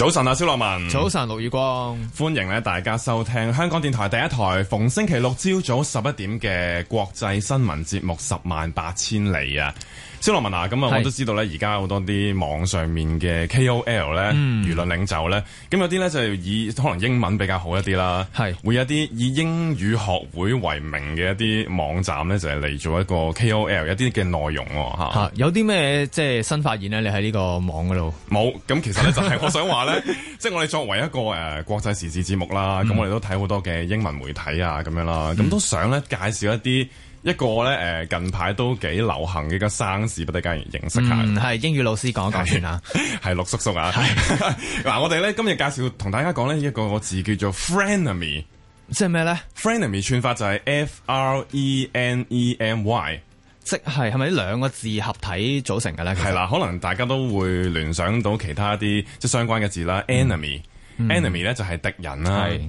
早晨啊，蕭樂文。早晨，陸宇光。歡迎咧，大家收聽香港電台第一台逢星期六朝早十一點嘅國際新聞節目《十萬八千里》啊。肖羅文，啊，咁啊，我都知道咧，而家好多啲網上面嘅 KOL 咧，嗯，輿論領袖咧，咁有啲咧就以可能以英文比較好一啲啦，係是會有一啲以英語學會為名嘅一啲網站咧，就係、是、嚟做一個 KOL 一啲嘅內容嚇。是是有啲咩即係新發現咧？你喺呢個網嗰度冇？咁其實咧就係我想話咧， 即係我哋作為一個誒國際時事節目啦，咁、嗯、我哋都睇好多嘅英文媒體啊，咁樣啦，咁、嗯、都想咧介紹一啲。一個咧，誒，近排都幾流行嘅一個生字，俾大家認識下。嗯，係英語老師講講算吓，係陸叔叔啊。係嗱是， 我哋咧今日介紹同大家講呢一個字叫做 frenemy，即係咩咧？Frenemy 串法就係 f r e n e m y，即係係咪兩個字合體組成嘅咧？係啦，可能大家都會聯想到其他啲即係相關嘅字啦，enemy。嗯 enemy 咧就係敵人啦是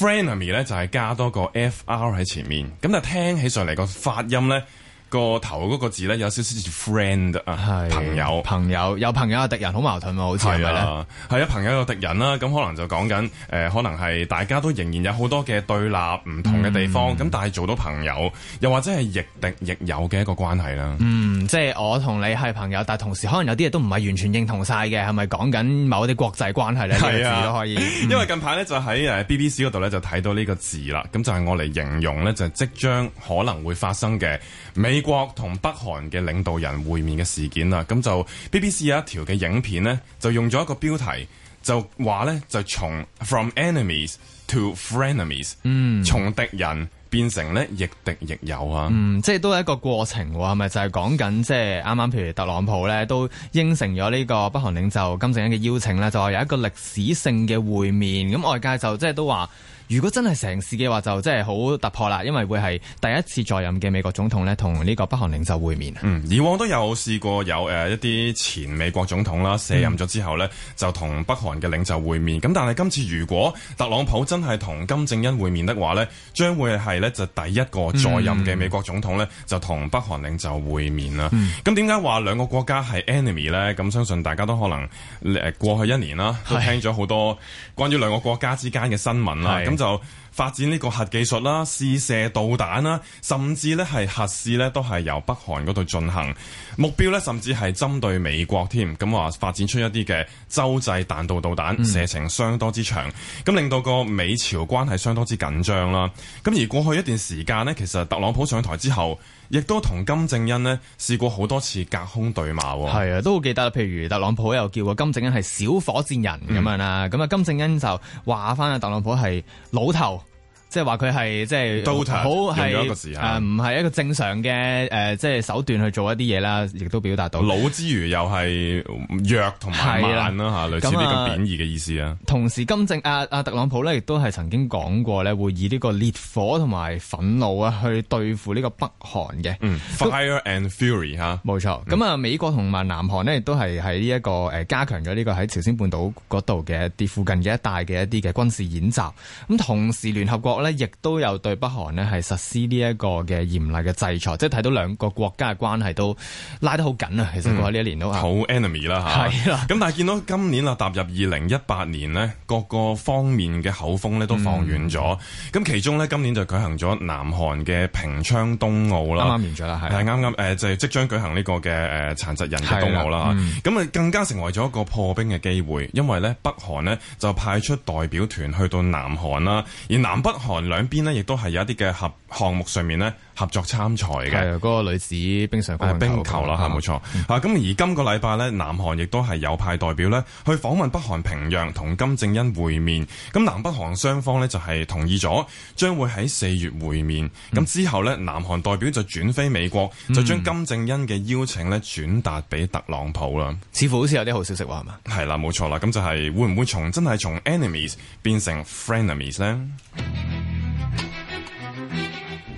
，friend enemy 咧就係加多個 F R 喺前面，咁但係聽起上嚟個發音咧。個頭嗰個字咧有少少似 friend 啊，朋友，朋友有朋友嘅敵人好矛盾喎，好似係咪咧？係啊，朋友有敵人啦，咁可能就講緊誒，可能係大家都仍然有好多嘅對立唔同嘅地方，咁、嗯、但係做到朋友，又或者係亦敵亦友嘅一個關係啦。嗯，即、就、係、是、我同你係朋友，但係同時可能有啲嘢都唔係完全認同晒嘅，係咪講緊某啲國際關係咧？呢、啊、個字都可以。嗯、因為近排咧就喺誒 BBC 嗰度咧就睇到呢個字啦，咁就係我嚟形容咧就即將可能會發生嘅美。美國同北韓嘅領導人會面嘅事件啦，咁就 BBC 有一條嘅影片呢，就用咗一個標題，就話呢就從 from enemies to frenemies，嗯，從敵人變成呢亦敵亦友啊，嗯，即係都係一個過程喎，係咪就係講緊即係啱啱，譬如特朗普呢都應承咗呢個北韓領袖金正恩嘅邀請呢，就話有一個歷史性嘅會面，咁外界就即係都話。如果真係成事嘅話，就真係好突破啦，因為會係第一次在任嘅美國總統咧，同呢個北韓領袖會面。嗯，以往都有試過有誒、呃、一啲前美國總統啦、啊、卸任咗之後咧、嗯、就同北韓嘅領袖會面。咁但係今次如果特朗普真係同金正恩會面的話咧，將會係咧就第一個在任嘅美國總統咧、嗯、就同北韓領袖會面啦。咁點解話兩個國家係 enemy 咧？咁相信大家都可能誒過去一年啦，都聽咗好多關於兩個國家之間嘅新聞啦。就發展呢個核技術啦、試射導彈啦，甚至咧係核試咧都係由北韓嗰度進行，目標咧甚至係針對美國添。咁話發展出一啲嘅洲際彈道導彈，射程相當之長，咁令到個美朝關係相當之緊張啦。咁而過去一段時間呢，其實特朗普上台之後，亦都同金正恩呢試過好多次隔空對罵。哦，係啊，都好記得，譬如特朗普又叫過金正恩係小火箭人咁、嗯、樣啦，咁啊金正恩就話翻啊特朗普係老頭。即係話佢係即係到頭係一個時誒，唔係、呃、一個正常嘅誒、呃，即係手段去做一啲嘢啦，亦都表達到老之餘又係弱同埋慢啦吓，嗯嗯、類似呢個貶義嘅意思啊、嗯。同時金正啊啊特朗普咧，亦都係曾經講過咧，會以呢個烈火同埋憤怒啊，去對付呢個北韓嘅。嗯、fire and fury 吓，冇錯。咁啊，美國同埋南韓咧，亦都係喺呢一個誒加強咗呢個喺朝鮮半島度嘅啲附近嘅一帶嘅一啲嘅軍事演習。咁同時聯合國。我咧亦都有對北韓呢係實施呢一個嘅嚴厲嘅制裁，即係睇到兩個國家嘅關係都拉得好緊啊！嗯、其實過去呢一年都好 enemy 啦嚇，咁是啦、啊、但係見到今年啊踏入二零一八年呢，各個方面嘅口風咧都放軟咗。咁、嗯、其中呢，今年就舉行咗南韓嘅平昌冬奧啱啱啦啱啱，啱完咗啦，係啱啱誒就係、是、即將舉行呢、呢個嘅誒、呃、殘疾人嘅冬奧啦咁、嗯、啊更加成為咗一個破冰嘅機會，因為呢北韓呢就派出代表團去到南韓啦，而南北韓兩邊咧，亦都係有一啲嘅合項目上面咧合作參賽嘅。嗰個女子冰上球，那個、冰球啦，吓冇錯。吓咁而今個禮拜呢，南韓亦都係有派代表咧去訪問北韓平壤，同金正恩會面。咁南北韓雙方呢就係同意咗，將會喺四月會面。咁、嗯、之後呢，南韓代表就轉飛美國，就將金正恩嘅邀請咧轉達俾特朗普啦。嗯嗯、似乎好似有啲好消息話係嘛？係啦，冇錯啦。咁就係會唔會從真係從 enemies 變成，成 frenemies 呢？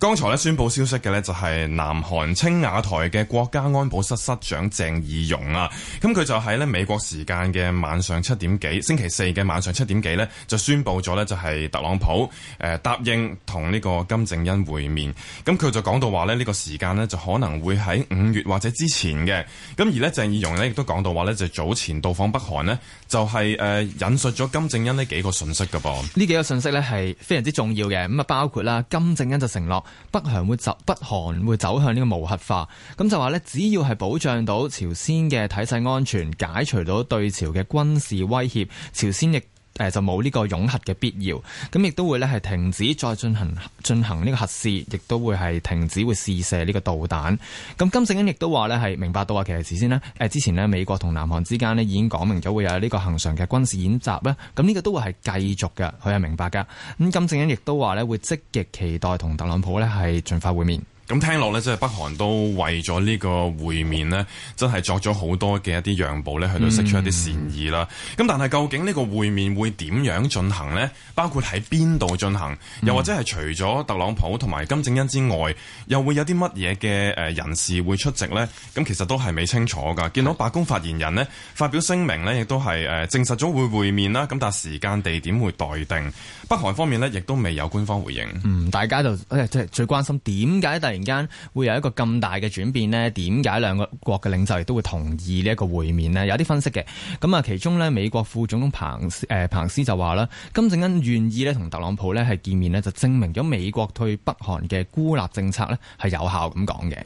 剛才咧宣佈消息嘅咧就係南韓青瓦台嘅國家安保室室長鄭義溶。啊，咁佢就喺咧美國時間嘅晚上七點幾，星期四嘅晚上七點幾咧就宣佈咗咧就係特朗普誒、呃、答應同呢個金正恩會面，咁佢就講到話咧呢個時間咧就可能會喺五月或者之前嘅，咁而呢，鄭義溶咧亦都講到話呢就早前到訪北韓呢就係、是、誒、呃、引述咗金正恩呢幾個信息嘅噃，呢幾個信息咧係非常之重要嘅，咁啊包括啦金正恩就承諾。北韓會走，北韓會走向呢個無核化，咁就話呢，只要係保障到朝鮮嘅體制安全，解除到對朝嘅軍事威脅，朝鮮亦誒就冇呢個擁核嘅必要，咁亦都會咧係停止再進行進行呢個核試，亦都會係停止會試射呢個導彈。咁金正恩亦都話咧係明白到啊，其實事先咧誒之前呢美國同南韓之間呢已經講明咗會有呢個恒常嘅軍事演習咧，咁、這、呢個都會係繼續嘅，佢係明白噶。咁金正恩亦都話咧會積極期待同特朗普咧係盡快會面。咁聽落咧，即係北韓都為咗呢個會面呢，真係作咗好多嘅一啲讓步咧，去到釋出一啲善意啦。咁、嗯、但係究竟呢個會面會點樣進行呢？包括喺邊度進行，又或者係除咗特朗普同埋金正恩之外，又會有啲乜嘢嘅誒人士會出席呢？咁其實都係未清楚㗎。見到白宮發言人呢發表聲明呢，亦都係誒證實咗會會面啦。咁但係時間地點會待定。北韓方面呢亦都未有官方回應。嗯，大家就即係最關心點解突間會有一個咁大嘅轉變咧？點解兩個國嘅領袖亦都會同意呢一個會面咧？有啲分析嘅，咁啊，其中呢，美國副總統彭斯、呃、彭斯就話啦，金正恩願意咧同特朗普咧係見面呢，就證明咗美國對北韓嘅孤立政策呢係有效咁講嘅。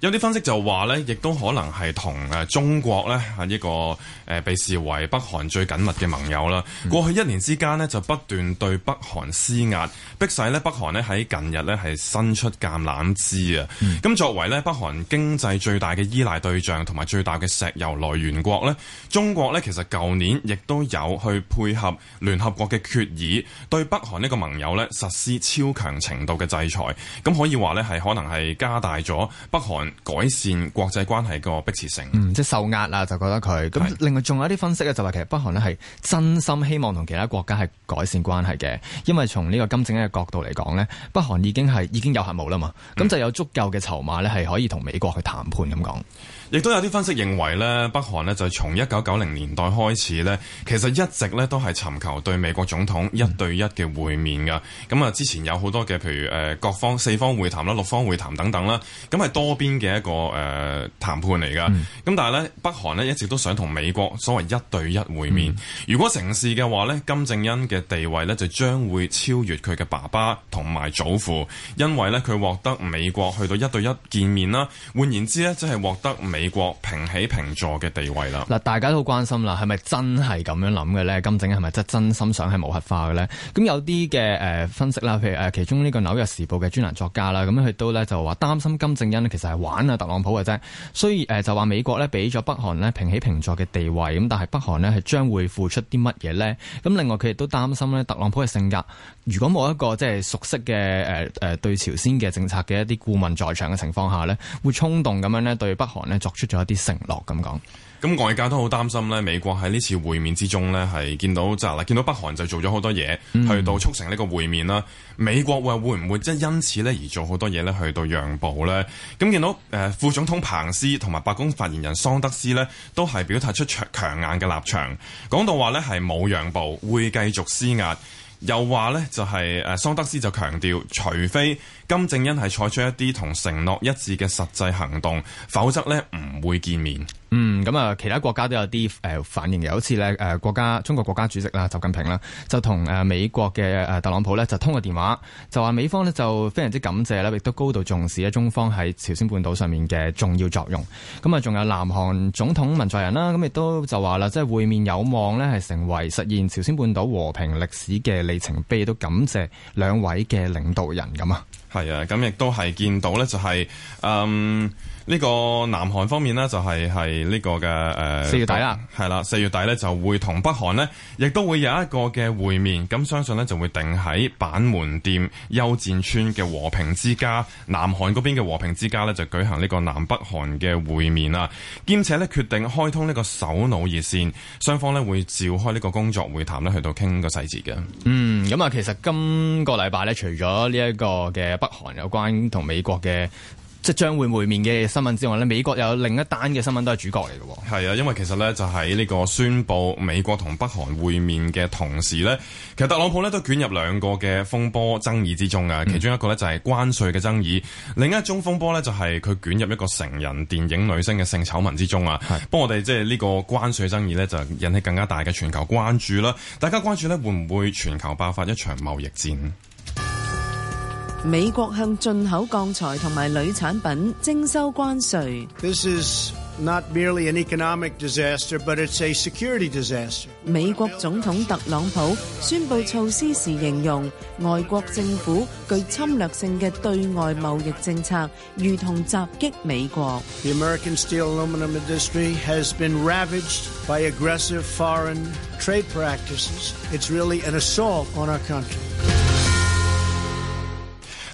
有啲分析就話呢，亦都可能係同誒中國呢啊呢個誒、呃、被視為北韓最緊密嘅盟友啦。嗯、過去一年之間呢就不斷對北韓施壓，迫使呢北韓呢喺近日呢係伸出橄欖枝啊。咁、嗯、作為呢北韓經濟最大嘅依賴對象同埋最大嘅石油來源國呢，中國呢其實舊年亦都有去配合聯合國嘅決議，對北韓呢個盟友呢實施超強程度嘅制裁。咁可以話呢係可能係加大咗北韓改善國際關係個迫切性，嗯，即、就、係、是、受壓啦，就覺得佢咁。是另外仲有一啲分析咧，就話、是、其實北韓呢係真心希望同其他國家係改善關係嘅，因為從呢個金正恩嘅角度嚟講呢，北韓已經係已經有核武啦嘛，咁就有足夠嘅籌碼呢係可以同美國去談判咁講。亦都、嗯、有啲分析認為呢，北韓呢就從一九九零年代開始呢，其實一直呢都係尋求對美國總統一對一嘅會面噶。咁啊、嗯，之前有好多嘅譬如誒、呃、各方四方會談啦、六方會談等等啦，咁係多邊，嘅一個誒、呃、談判嚟噶，咁、嗯、但係呢，北韓咧一直都想同美國所謂一對一會面。嗯、如果成事嘅話呢，金正恩嘅地位呢，就將會超越佢嘅爸爸同埋祖父，因為呢，佢獲得美國去到一對一見面啦。換言之呢，即、就、係、是、獲得美國平起平坐嘅地位啦。嗱，大家都好關心啦，係咪真係咁樣諗嘅呢？金正恩係咪真真心想係無核化嘅呢？咁有啲嘅誒分析啦，譬如誒其中呢個紐約時報嘅專欄作家啦，咁佢都呢，就話擔心金正恩其實係玩啊特朗普嘅啫，所以誒就話美國咧俾咗北韓咧平起平坐嘅地位，咁但係北韓咧係將會付出啲乜嘢咧？咁另外佢亦都擔心咧，特朗普嘅性格，如果冇一個即係熟悉嘅誒誒對朝鮮嘅政策嘅一啲顧問在場嘅情況下咧，會衝動咁樣咧對北韓咧作出咗一啲承諾咁講。咁外界都好擔心咧，美國喺呢次會面之中咧，係見到就係啦，見到北韓就做咗好多嘢，去到促成呢個會面啦。美國會會唔會即因此咧而做好多嘢咧去到讓步咧？咁見到誒、呃、副總統彭斯同埋白宮發言人桑德斯咧，都係表達出強強硬嘅立場，講到話咧係冇讓步，會繼續施壓，又話咧就係、是、誒、呃、桑德斯就強調，除非金正恩係採取一啲同承諾一致嘅實際行動，否則咧唔會見面。嗯，咁啊，其他國家都有啲誒反應。又好似咧誒國家中國國家主席啦，習近平啦，就同誒美國嘅誒特朗普咧就通過電話，就話美方呢，就非常之感謝啦，亦都高度重視啊中方喺朝鮮半島上面嘅重要作用。咁啊，仲有南韓總統文在寅啦，咁亦都就話啦，即係會面有望咧，係成為實現朝鮮半島和平歷史嘅里程碑，都感謝兩位嘅領導人咁啊。係啊，咁亦都係見到呢，就係，嗯，呢、這個南韓方面呢、就是，就係係呢個嘅，誒、呃，四月底啦，係啦，四月底呢，就會同北韓呢，亦都會有一個嘅會面，咁、嗯、相信呢，就會定喺板門店休戰村嘅和平之家，南韓嗰邊嘅和平之家呢，就舉行呢個南北韓嘅會面啦，兼且呢，決定開通呢個首腦熱線，雙方呢會召開呢個工作會談呢，去到傾個細節嘅，嗯。咁啊、嗯，其實今個禮拜咧，除咗呢一個嘅北韓有關同美國嘅即將會會面嘅新聞之外咧，美國有另一單嘅新聞都係主角嚟嘅。係啊，因為其實咧就喺呢個宣布美國同北韓會面嘅同時咧，其實特朗普咧都捲入兩個嘅風波爭議之中啊。其中一個咧就係關稅嘅爭議，另一種風波咧就係佢捲入一個成人電影女星嘅性醜聞之中啊。係。不過我哋即係呢個關稅爭議咧，就引起更加大嘅全球關注啦。大家關注咧，會唔會全球爆發一場貿易戰？美國向進口鋼材同埋鋁產品徵收關稅。美國總統特朗普宣布措施時形容，外國政府具侵略性嘅對外貿易政策，如同襲擊美國。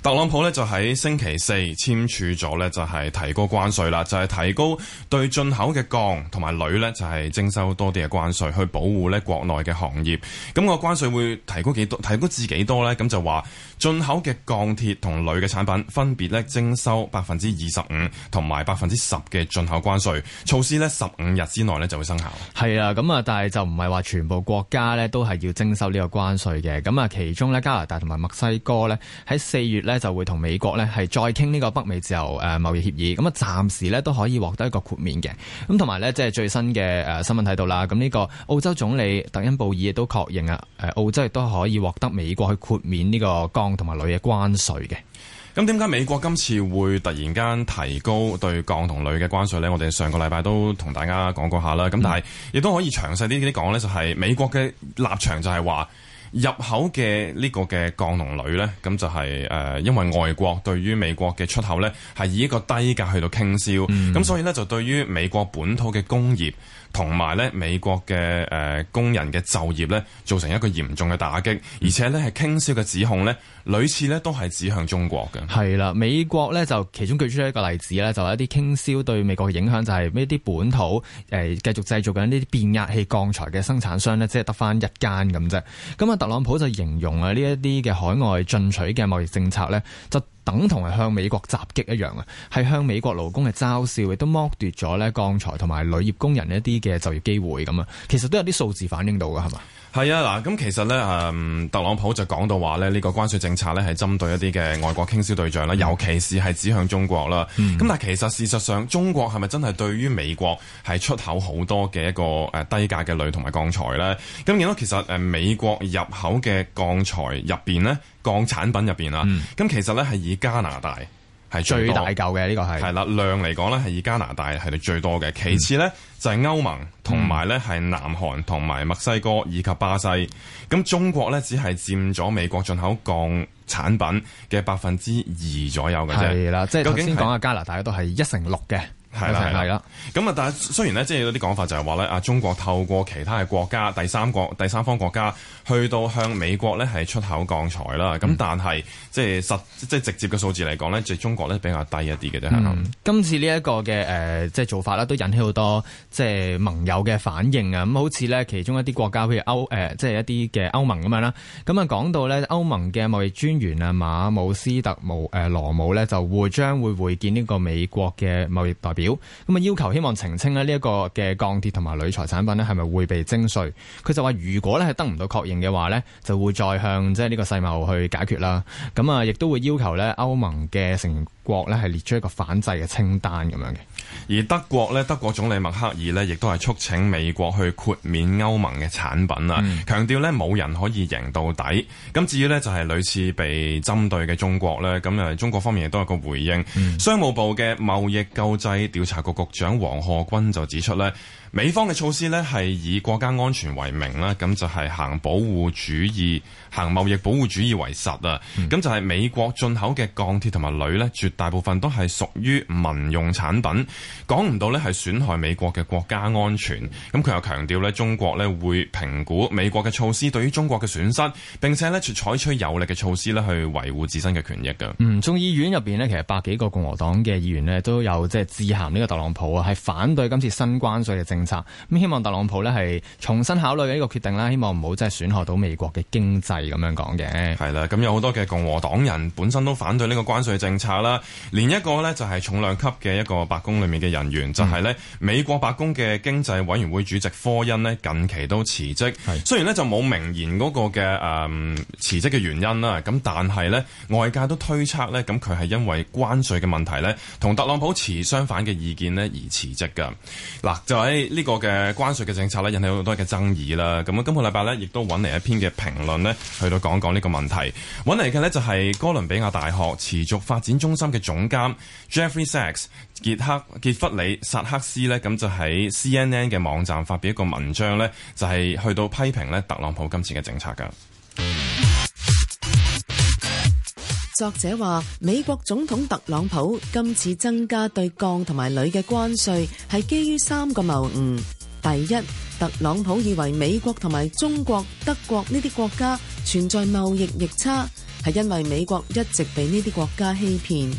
特朗普咧就喺星期四簽署咗咧，就係提高關稅啦，就係提高對進口嘅鋼同埋鋁咧，就係徵收多啲嘅關稅，去保護咧國內嘅行業，咁個關稅會提高幾多？提高至幾多咧？咁就話進口嘅鋼鐵同鋁嘅產品分別咧徵收百分之二十五同埋百分之十嘅進口關稅措施呢十五日之內咧就會生效。係啊，咁啊，但係就唔係話全部國家咧都係要徵收呢個關稅嘅。咁啊，其中咧加拿大同埋墨西哥咧喺四月咧。就會同美國呢係再傾呢個北美自由誒貿易協議，咁、嗯、啊暫時呢都可以獲得一個豁免嘅。咁同埋呢，即係最新嘅誒、呃、新聞睇到啦。咁呢個澳洲總理特恩布爾亦都確認啊，誒、呃、澳洲亦都可以獲得美國去豁免呢個鋼同埋鋁嘅關稅嘅。咁點解美國今次會突然間提高對鋼同鋁嘅關稅呢？我哋上個禮拜都同大家講過下啦。咁、嗯、但係亦都可以詳細啲啲講呢就係美國嘅立場就係話。入口嘅呢個嘅鋼同鋁咧，咁就係、是、誒、呃，因為外國對於美國嘅出口咧，係以一個低價去到傾銷，咁、嗯、所以咧就對於美國本土嘅工業。同埋咧，美國嘅誒、呃、工人嘅就業咧，造成一個嚴重嘅打擊，而且咧係傾銷嘅指控咧，屢次咧都係指向中國嘅。係啦，美國咧就其中舉出一個例子咧，就是、一啲傾銷對美國嘅影響、就是，就係呢啲本土誒、呃、繼續製造緊呢啲變壓器鋼材嘅生產商咧，即係得翻一間咁啫。咁啊，特朗普就形容啊呢一啲嘅海外進取嘅貿易政策咧，就。等同係向美國襲擊一樣啊，係向美國勞工嘅嘲笑，亦都剝奪咗咧鋼材同埋鋁業工人一啲嘅就業機會咁啊。其實都有啲數字反映到噶，係嘛？係啊，嗱，咁其實咧，誒，特朗普就講到話咧，呢個關稅政策咧係針對一啲嘅外國傾銷對象啦，尤其是係指向中國啦。咁、嗯、但係其實事實上，中國係咪真係對於美國係出口好多嘅一個誒低價嘅鋁同埋鋼材咧？咁然之後，其實誒美國入口嘅鋼材入邊咧？鋼產品入面啦，咁、嗯、其實咧係以加拿大係最、最大嚿嘅呢個係，係啦量嚟講咧係以加拿大係最多嘅，其次咧、嗯、就係歐盟同埋咧係南韓同埋墨西哥以及巴西，咁中國咧只係佔咗美國進口鋼產品嘅百分之二左右嘅啫，係啦，即係究竟先講下加拿大都係一成六嘅。係啦，係啦。咁啊，但係雖然咧，即係有啲講法就係話咧，啊，中國透過其他嘅國家、第三國、第三方國家去到向美國咧係出口鋼材啦。咁、嗯、但係即係實即係直接嘅數字嚟講咧，就中國咧比較低一啲嘅啫。今次呢一個嘅誒、呃，即係做法咧，都引起好多即係盟友嘅反應啊。咁、嗯、好似咧，其中一啲國家，譬如歐誒、呃，即係一啲嘅歐盟咁樣啦。咁啊，講到咧歐盟嘅貿易專員啊，馬姆斯特姆誒羅姆咧，就會將會會見呢個美國嘅貿易代表。咁啊，要求希望澄清咧呢一個嘅鋼鐵同埋鋁材產品咧係咪會被徵稅？佢就話如果咧係得唔到確認嘅話咧，就會再向即係呢個世貿去解決啦。咁啊，亦都會要求咧歐盟嘅成員國咧係列出一個反制嘅清單咁樣嘅。而德國咧，德國總理默克爾咧，亦都係促請美國去豁免歐盟嘅產品啊，嗯、強調咧冇人可以贏到底。咁至於咧就係屢次被針對嘅中國咧，咁啊中國方面亦都有個回應。嗯、商務部嘅貿易救濟調查局局長王賀軍就指出咧，美方嘅措施咧係以國家安全為名啦，咁就係行保護主義，行貿易保護主義為實啊！咁就係美國進口嘅鋼鐵同埋鋁呢，絕大部分都係屬於民用產品，講唔到呢係損害美國嘅國家安全。咁佢又強調呢，中國呢會評估美國嘅措施對於中國嘅損失，並且呢採取有力嘅措施呢去維護自身嘅權益嘅。嗯，眾議院入邊呢，其實百幾個共和黨嘅議員呢都有即係致函呢個特朗普啊，係反對今次新關稅嘅政策。咁希望特朗普呢係重新考慮呢個決定啦，希望唔好即係損害到美國嘅經濟。係咁樣講嘅，係啦，咁有好多嘅共和黨人本身都反對呢個關稅政策啦，連一個呢，就係重量級嘅一個白宮裏面嘅人員，嗯、就係呢美國白宮嘅經濟委員會主席科恩咧，近期都辭職。係。是雖然呢就冇明言嗰個嘅誒辭職嘅原因啦，咁但係呢，外界都推測呢，咁佢係因為關稅嘅問題呢，同特朗普持相反嘅意見呢而辭職噶。嗱，就喺呢個嘅關稅嘅政策呢，引起好多嘅爭議啦。咁啊，今個禮拜呢，亦都揾嚟一篇嘅評論呢。去到講講呢個問題，搵嚟嘅呢就係哥倫比亞大學持續發展中心嘅總監 Jeffrey Sachs 傑克傑弗里薩克斯呢，咁就喺 CNN 嘅網站發表一個文章呢，就係、是、去到批評呢特朗普今次嘅政策㗎。作者話，美國總統特朗普今次增加對鋼同埋鋁嘅關稅，係基於三個謬誤，第一。特朗普以為美國同埋中國、德國呢啲國家存在貿易逆差，係因為美國一直被呢啲國家欺騙。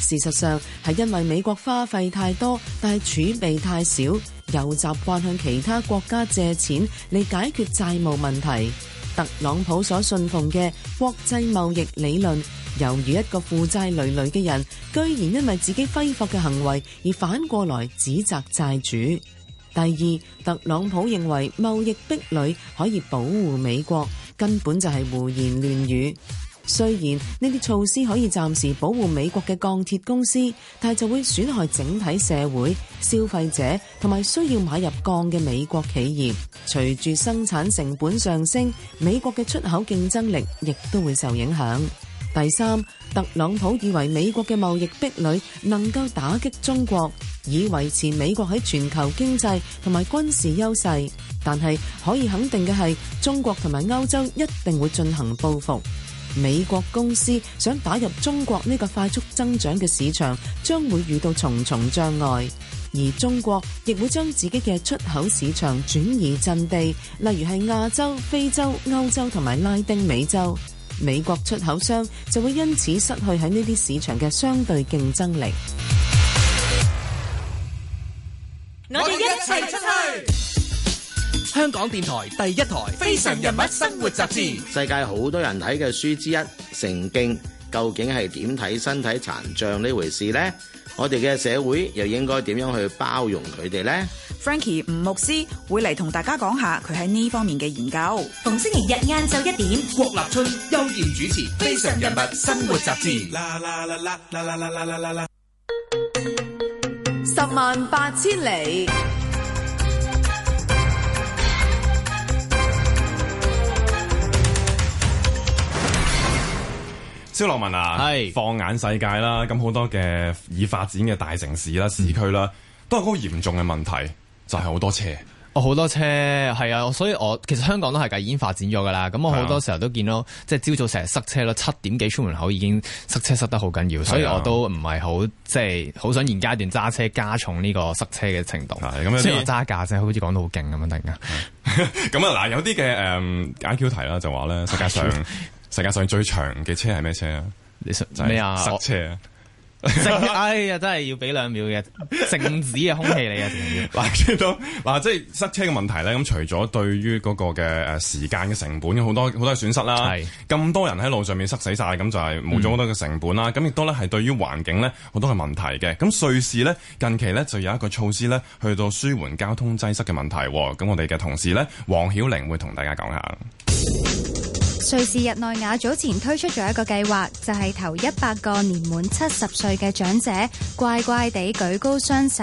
事實上，係因為美國花費太多，但係儲備太少，又習慣向其他國家借錢嚟解決債務問題。特朗普所信奉嘅國際貿易理論，猶如一個負債累累嘅人，居然因為自己揮霍嘅行為而反過來指責債主。第二，特朗普認為貿易壁壘可以保護美國，根本就係胡言亂語。雖然呢啲措施可以暫時保護美國嘅鋼鐵公司，但係就會損害整體社會、消費者同埋需要買入鋼嘅美國企業。隨住生產成本上升，美國嘅出口競爭力亦都會受影響。第三。特朗普以為美國嘅貿易壁壘能夠打擊中國，以維持美國喺全球經濟同埋軍事優勢。但係可以肯定嘅係，中國同埋歐洲一定會進行報復。美國公司想打入中國呢個快速增長嘅市場，將會遇到重重障礙。而中國亦會將自己嘅出口市場轉移陣地，例如係亞洲、非洲、歐洲同埋拉丁美洲。美國出口商就會因此失去喺呢啲市場嘅相對競爭力。我哋一齊出去。香港電台第一台《非常人物生活雜誌》，世界好多人睇嘅書之一《聖經》，究竟係點睇身體殘障呢回事呢？我哋嘅社會又應該點樣去包容佢哋咧？Frankie 吳牧師會嚟同大家講下佢喺呢方面嘅研究。逢星期日晏晝一點，郭立春、邱健主持《非常人物》生活雜誌。啦啦啦啦啦啦啦啦啦啦，啦啦啦啦啦十萬八千里。肖樂文啊，是放眼世界啦，咁好多嘅已發展嘅大城市啦、市區啦，嗯、都係好嚴重嘅問題，就係、是、好多車。哦，好多車，係啊，所以我其實香港都係已經發展咗噶啦。咁我好多時候都見到，啊、即係朝早成日塞車咯，七點幾出門口已經塞車塞得好緊要，啊、所以我都唔係好即係好想現階段揸車加重呢個塞車嘅程度。係咁樣揸架車，好似講到好勁咁啊！突然間，咁啊嗱， 有啲嘅誒 I Q 題啦，就、嗯、話咧， 世界上。 世界上最長嘅車係咩車啊？咩啊說？塞車啊！哎呀，真係要俾兩秒嘅靜 止嘅空氣嚟啊！嗱，嗱， 即係塞車嘅問題咧。咁除咗對於嗰個嘅誒時間嘅成本，好多好多損失啦。咁是多人喺路上面塞死晒，咁就係冇咗好多嘅成本啦。咁亦、嗯、都咧係對於環境咧，好多嘅問題嘅。咁瑞士咧近期咧就有一個措施咧，去到舒緩交通擠塞嘅問題。咁我哋嘅同事咧，黃曉玲會同大家講下。瑞士日內瓦早前推出咗一個計劃，就係、是、頭一百個年滿七十歲嘅長者乖乖地舉高雙手，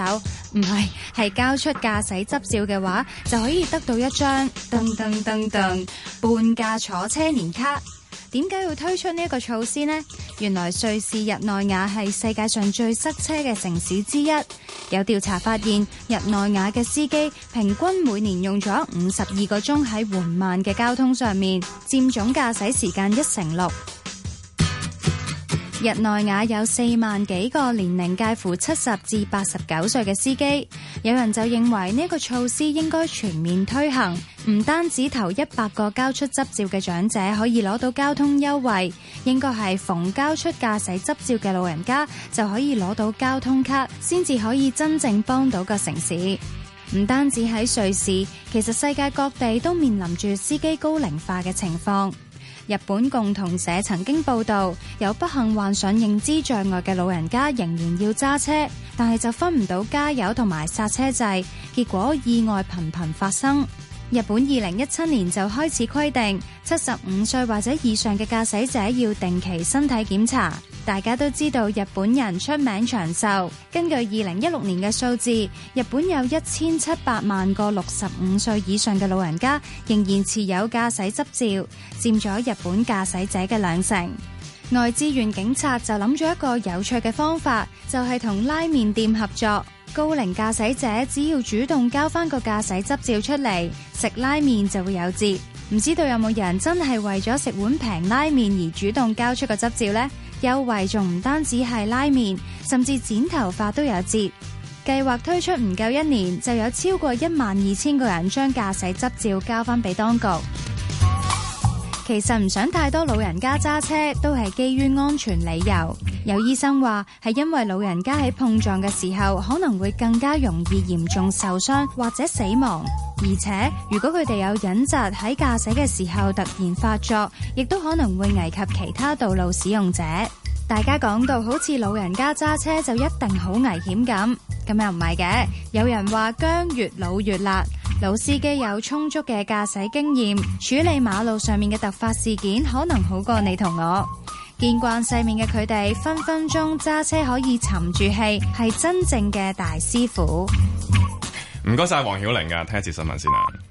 唔係係交出駕駛執照嘅話，就可以得到一張噔噔噔噔半價坐車年卡。點解要推出呢一個措施呢？原來瑞士日內瓦係世界上最塞車嘅城市之一。有調查發現，日內瓦嘅司機平均每年用咗五十二個鐘喺緩慢嘅交通上面，佔總駕駛時間一成六。日內瓦有四萬幾個年齡介乎七十至八十九歲嘅司機，有人就認為呢個措施應該全面推行，唔單止頭一百個交出執照嘅長者可以攞到交通優惠，應該係逢交出駕駛執照嘅老人家就可以攞到交通卡，先至可以真正幫到個城市。唔單止喺瑞士，其實世界各地都面臨住司機高齡化嘅情況。日本共同社曾經報道，有不幸患上認知障礙嘅老人家仍然要揸車，但係就分唔到加油同埋煞車掣，結果意外頻頻發生。日本二零一七年就開始規定，七十五歲或者以上嘅駕駛者要定期身體檢查。大家都知道日本人出名長壽，根據二零一六年嘅數字，日本有一千七百萬個六十五歲以上嘅老人家仍然持有駕駛執照，佔咗日本駕駛者嘅兩成。外支援警察就諗咗一個有趣嘅方法，就係同拉麵店合作。高齡駕駛者只要主動交翻個駕駛執照出嚟，食拉麵就會有折。唔知道有冇人真係為咗食碗平拉麵而主動交出個執照呢？優惠仲唔單止係拉麵，甚至剪頭髮都有折。計劃推出唔夠一年，就有超過一萬二千個人將駕駛執照交翻俾當局。其實唔想太多老人家揸車，都係基於安全理由。有醫生話，係因為老人家喺碰撞嘅時候，可能會更加容易嚴重受傷或者死亡。而且，如果佢哋有隱疾喺駕駛嘅時候突然發作，亦都可能會危及其他道路使用者。大家講到好似老人家揸車就一定好危險咁，咁又唔係嘅。有人話薑越老越辣。老司機有充足嘅駕駛經驗，處理馬路上面嘅突發事件可能好過你同我。見慣世面嘅佢哋，分分鐘揸車可以沉住氣，係真正嘅大師傅。唔該晒黃曉玲啊，聽一次新聞先啊。